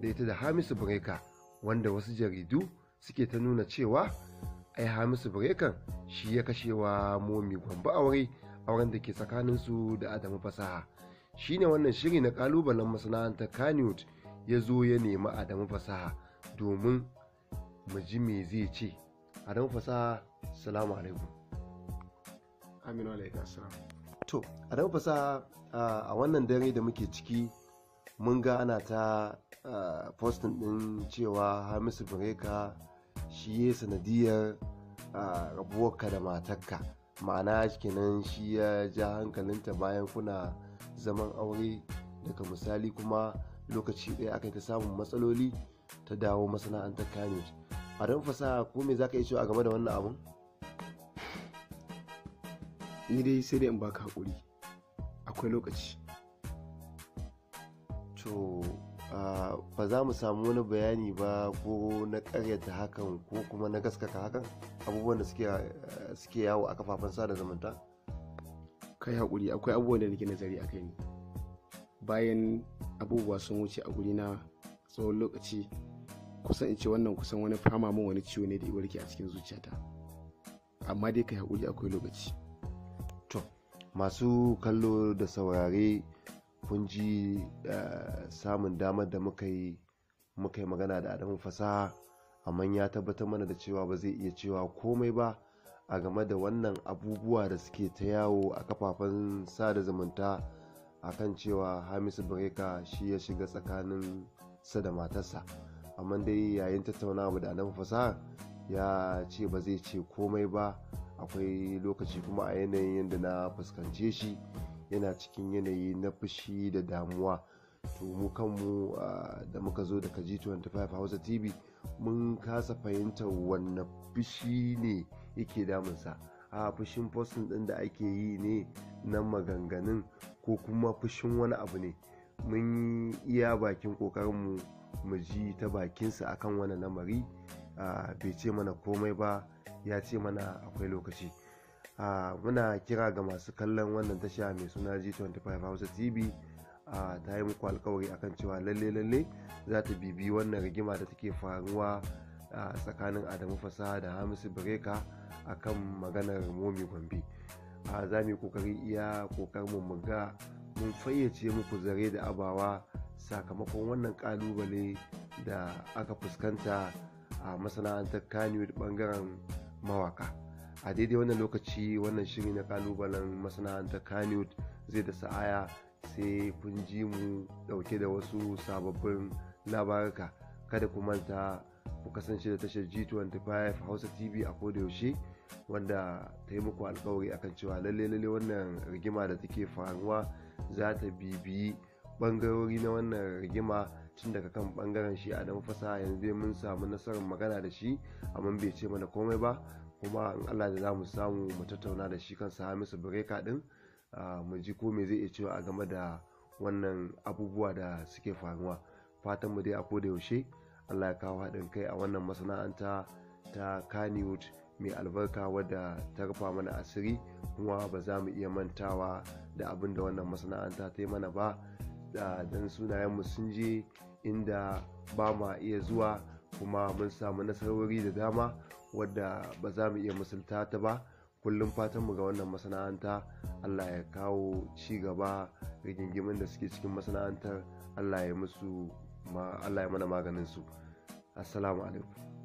da ita da hamisu breka wanda wasu jaridu suke ta nuna cewa ai hamisu burekan shi ya kashewa momi gwamba aure auren da ke tsakanin su da adamu fasaha shi ne wannan shiri na kalubalen masana'antar kaniwood ya zo ya nemi adamu fasaha domin mu ji me zai ce adamu fasaha salamu alaikum aminu alaikum to adamu fasaha a wannan dare da muke ciki mun ga ana ta postin din cewa hamisu breka shi ya sanadiyar rabuwarka da matakka ma'ana kenan shi ya ja hankalinta bayan kuna zaman aure daga misali kuma lokaci ɗaya aka ta samun matsaloli ta dawo masana'antar kano a don fasaha ko me zaka iya cewa game da wannan abun ni dai sai dai in baka hakuri akwai lokaci to ba za mu samu wani bayani ba ko na karyata hakan ko kuma na gaskaka hakan abubuwan da eh, suke yawo a kafafen sada zumunta kai haƙuri akwai abubuwan da nake nazari a kai ne bayan abubuwa sun wuce a guri na tsawon lokaci kusan in ce wannan kusan wani fama mun wani ciwo ne da warke a cikin zuciyata amma dai kai haƙuri akwai lokaci to masu kallo da saurare kun ji eh, samun damar da muka yi magana da adamu fasaha amma ya tabbatar mana da cewa ba zai iya cewa komai ba a game da wannan abubuwa da suke ta yawo a kafafen sada zumunta a kan cewa hamisu breka shi ya shiga tsakanin sa da matarsa amma dai yayin tattaunawa da adamu fasaha ya ce ba zai ce komai ba akwai lokaci kuma a yanayin yadda na fuskance shi yana cikin yanayi na fushi da damuwa to mu kanmu da muka zo daga g25 hausa tv mun kasa fahimtar wanne fushi ne yake damunsa a fushin postin din da ake yi ne na maganganun ko kuma fushin wani abu ne mun yi iya bakin kokarinmu mu ji ta bakinsa akan wani lamari bai ce mana komai ba ya ce mana akwai lokaci a muna kira ga masu kallon wannan tasha mai suna g25 hausa tv a ta yi muku alkawari akan cewa lalle lalle za ta bibi wannan rigima da take faruwa a tsakanin adamu Fasa da hamisu bireka kan maganar momi gombe a za mu yi kokari iya kokar mu ga mun fayyace muku zare da abawa sakamakon wannan kalubale da aka fuskanta a masana'antar da bangaren mawaka a daidai wannan lokaci wannan shiri na kalubalen masana'antar kanut zai da sa'aya sai kun ji mu dauke da wasu sababbin labaruka kada ku manta ku kasance da tashar g25 hausa tv a kodayaushe wanda ta yi muku alkawari akan cewa lalle lalle wannan rigima da take faruwa za ta bibiyi bangarori na wannan rigima tun daga kan bangaren shi a dan fasa yanzu mun samu nasarar magana da shi amma bai ce mana komai ba kuma in allah da za mu samu mu tattauna da shi kan sa hamisu bireka din mu ji ko me zai iya cewa a game da wannan abubuwa da suke faruwa fatan mu dai a koda yaushe allah ya kawo haɗin kai a wannan masana'anta ta kaniwood mai albarka wadda ta rufa mana asiri kuma ba za mu iya mantawa da abin da wannan masana'anta ta yi mana ba da sunayen mu sun je inda ba ma iya zuwa kuma mun samu nasarori da dama wadda ba za mu iya misalta ta ba kullum fatan mu ga wannan masana'anta allah ya kawo ci gaba rigingimin da suke cikin masana'antar allah ya musu allah ya mana maganin su assalamu alaikum